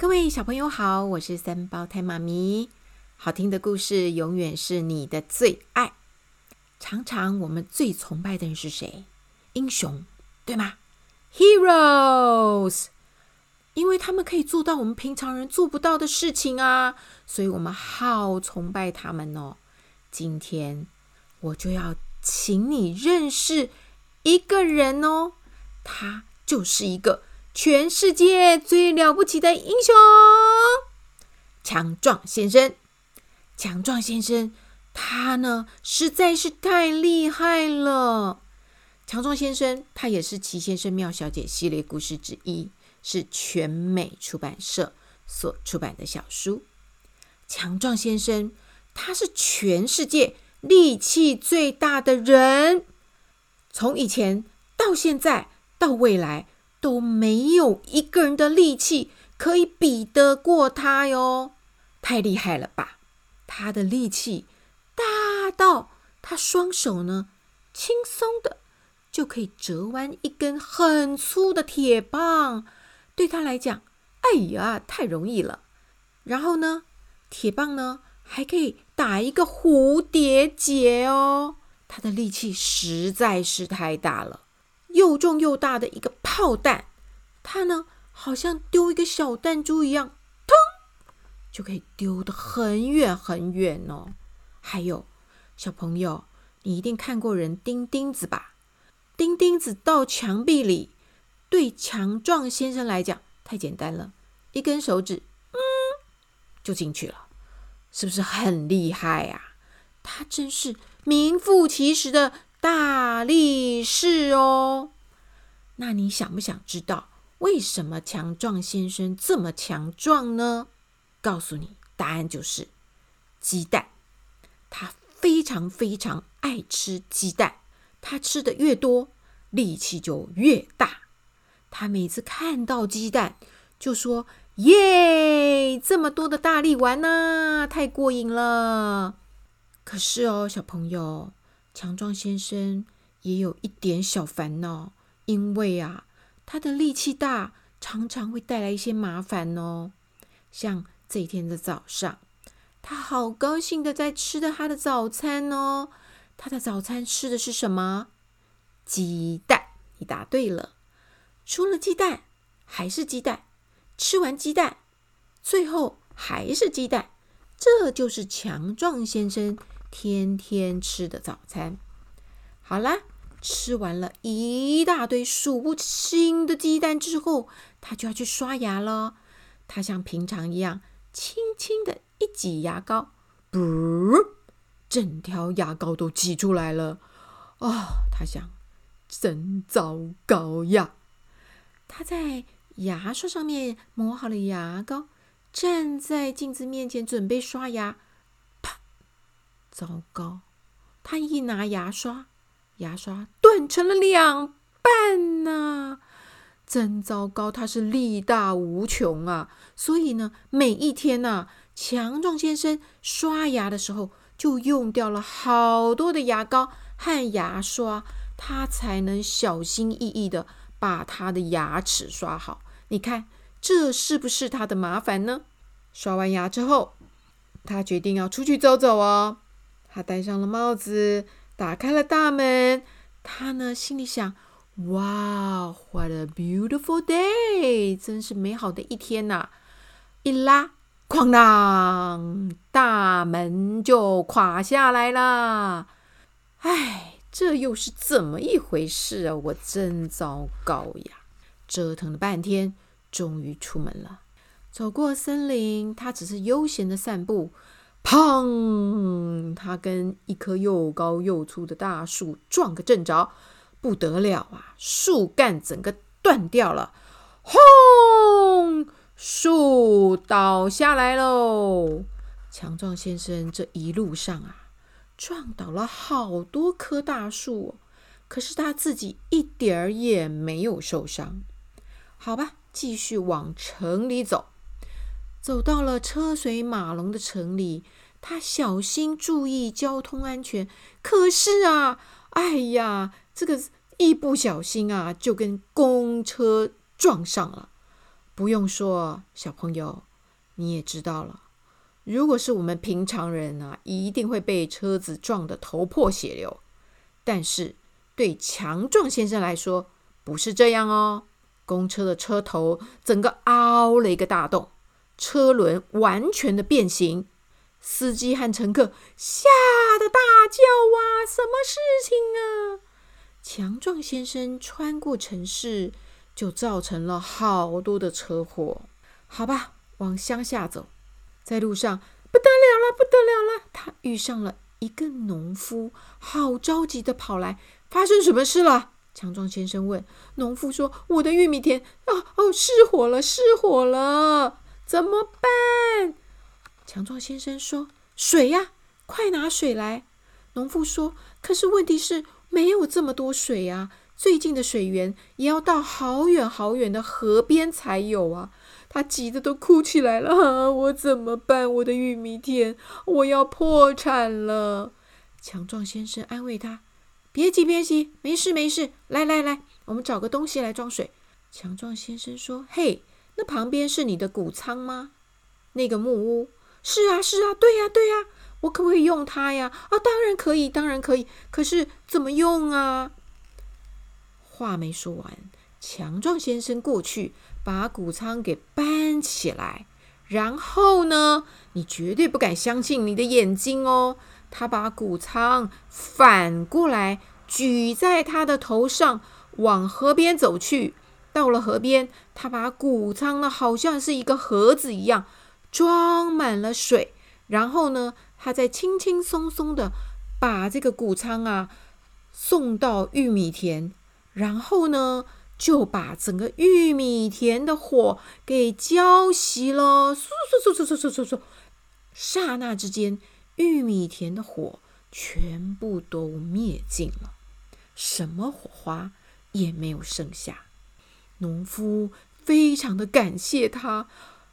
各位小朋友好，我是三胞胎媽咪。好聽的故事永遠是你的最愛。常常我們最崇拜的人是誰？英雄，對嗎？Heroes！因為他們可以做到我們平常人做不到的事情啊，所以我們好崇拜他們哦。今天我就要請你認識一個人哦，他就是一個。全世界最了不起的英雄，強壯先生。強壯先生，他呢，實在是太厲害了。強壯先生，他也是《奇先生妙小姐》系列故事之一，是全美出版社所出版的小書。強壯先生，他是全世界力氣最大的人，從以前到現在到未來，都沒有一個人的力氣可以比得過他喲，太厲害了吧！他的力氣大到他雙手呢，輕鬆的就可以折彎一根很粗的鐵棒，對他來講，哎呀，太容易了。然後呢，鐵棒呢還可以打一個蝴蝶結哦，他的力氣實在是太大了。又重又大的一個炮彈，他呢，好像丟一個小彈珠一樣，噔就可以丟得很遠很遠哦。還有小朋友，你一定看過人釘釘子吧？釘釘子到牆壁裡，對強壯先生來講太簡單了，一根手指，嗯，就進去了，是不是很厲害啊？他真是名副其實的。大力士哦，那你想不想知道為什麼強壯先生這麼強壯呢？告訴你，答案就是雞蛋。他非常非常愛吃雞蛋，他吃的越多，力氣就越大。他每次看到雞蛋，就說：“耶，這麼多的大力丸吶、啊，太過癮了。”可是哦，小朋友。強壯先生也有一點小煩惱，因為啊，他的力氣大，常常會帶來一些麻煩哦。像這一天的早上，他好高興的在吃的他的早餐哦。他的早餐吃的是什麼？雞蛋，你答對了。除了雞蛋，還是雞蛋。吃完雞蛋，最後還是雞蛋。這就是強壯先生。天天吃的早餐。好啦，吃完了一大堆數不清的雞蛋之後，他就要去刷牙了。他像平常一樣，輕輕的一擠牙膏，不，整條牙膏都擠出來了。哦，他想，真糟糕呀！他在牙刷上面抹好了牙膏，站在鏡子面前準備刷牙。糟糕，他一拿牙刷，牙刷斷成了兩半呢！真糟糕，他是力大無窮啊。所以呢，每一天呢，強壯先生刷牙的時候就用掉了好多的牙膏和牙刷，他才能小心翼翼地把他的牙齒刷好。你看，這是不是他的麻煩呢？刷完牙之後，他決定要出去走走哦。他戴上了帽子，打開了大門。他呢，心裡想：“哇，What a beautiful day！真是美好的一天吶、啊！”一拉，哐噹，大門就垮下來了。哎，這又是怎麼一回事啊？我真糟糕呀！折騰了半天，終於出門了。走過森林，他只是悠閒地散步。砰！他跟一棵又高又粗的大樹撞個正着，不得了啊！樹幹整個斷掉了，轟，樹倒下來嘍！強壯先生這一路上啊，撞倒了好多棵大樹，可是他自己一點兒也沒有受傷。好吧，繼續往城裡走，走到了車水馬龍的城裡。他小心注意交通安全，可是啊，哎呀，這個一不小心啊，就跟公車撞上了。不用說，小朋友你也知道了。如果是我們平常人啊，一定會被車子撞得頭破血流。但是對強壯先生來說，不是這樣哦。公車的車頭整個凹了一個大洞，車輪完全的變形。司機和乘客嚇得大叫：“啊，什麼事情啊？”強壯先生穿過城市，就造成了好多的車禍。好吧，往鄉下走。在路上，不得了了，不得了了！他遇上了一個農夫，好着急地跑來：“發生什麼事了？”強壯先生問農夫說：“說我的玉米田，哦哦，失火了，失火了，怎麼辦？”強壯先生說：“水呀，啊，快拿水來！”農夫說：“可是問題是沒有這麼多水啊，最近的水源也要到好遠好遠的河邊才有啊！”他急得都哭起來了，啊：“我怎麼辦？我的玉米田，我要破產了！”強壯先生安慰他：“別急，別急，沒事沒事。來來來，我們找個東西來裝水。”強壯先生說：“嘿，那旁邊是你的谷倉嗎？那個木屋？”是啊，是啊，對呀，對呀，我可不可以用它呀？啊，當然可以，當然可以。可是怎麼用啊？話沒說完，強壯先生過去把穀倉給搬起來，然後呢，你絕對不敢相信你的眼睛哦！他把穀倉反過來舉在他的頭上，往河邊走去。到了河邊，他把穀倉呢，好像是一個盒子一樣。裝滿了水，然後呢，他再輕輕鬆鬆的把這個穀倉啊送到玉米田，然後呢，就把整個玉米田的火給澆熄了，嗖嗖嗖嗖嗖嗖嗖嗖，剎那之間，玉米田的火全部都滅盡了，什麼火花也沒有剩下。農夫非常的感謝他。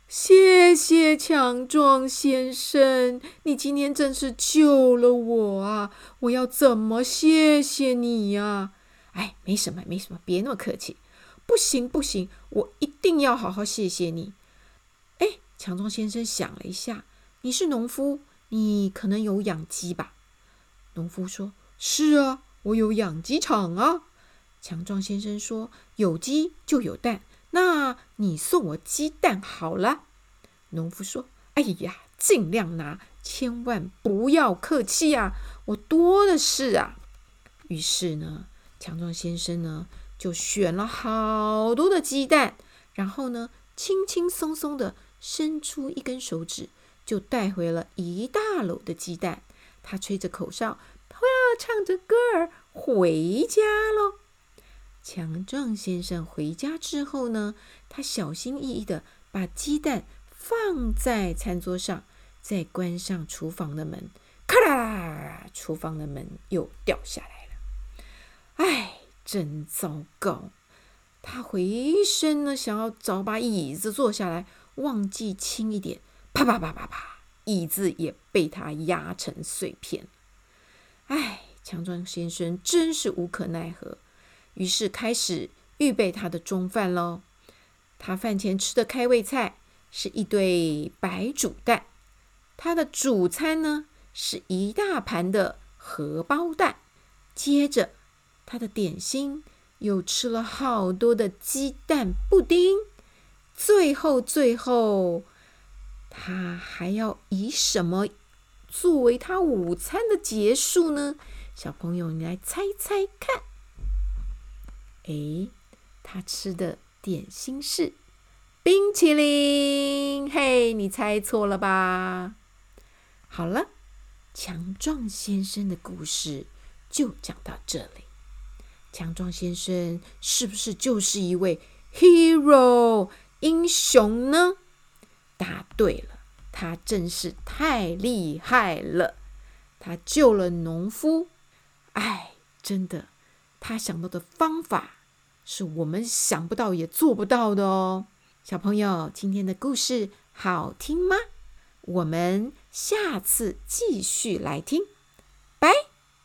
謝謝強壯先生，你今天真是救了我啊！我要怎麼謝謝你呀？哎，沒什麼，沒什麼，別那麼客氣。不行不行，我一定要好好謝謝你。哎，強壯先生想了一下，你是農夫，你可能有養雞吧？農夫說：“是啊，我有養雞場啊。”強壯先生說：“有雞就有蛋。”那你送我雞蛋好了。農夫說：“哎呀，盡量拿，千萬不要客氣呀、啊，我多的是啊。”於是呢，強壯先生呢就選了好多的雞蛋，然後呢，輕輕鬆鬆地伸出一根手指，就帶回了一大簍的雞蛋。他吹着口哨，我要唱着歌兒回家嘍。強壯先生回家之後呢，他小心翼翼的把雞蛋放在餐桌上，再關上廚房的門，咔啦啦，廚房的門又掉下來了。哎，真糟糕！他回身呢，想要找把椅子坐下來，忘記輕一點，啪啪啪啪啪，椅子也被他壓成碎片。哎，強壯先生真是無可奈何。於是開始預備他的中飯嘍。他飯前吃的開胃菜是一對白煮蛋，他的主餐呢，是一大盤的荷包蛋。接着他的點心又吃了好多的雞蛋布丁。最後，最後他還要以什麼作為他午餐的結束呢？小朋友，你來猜猜看。誒，他吃的點心是冰淇淋。嘿、hey，你猜錯了吧？好了，強壯先生的故事就講到這裡。強壯先生是不是就是一位 hero 英雄呢？答對了，他真是太厲害了。他救了農夫。哎，真的，他想到的方法。是我們想不到也做不到的哦。小朋友，今天的故事好聽嗎？我們下次繼續來聽，拜。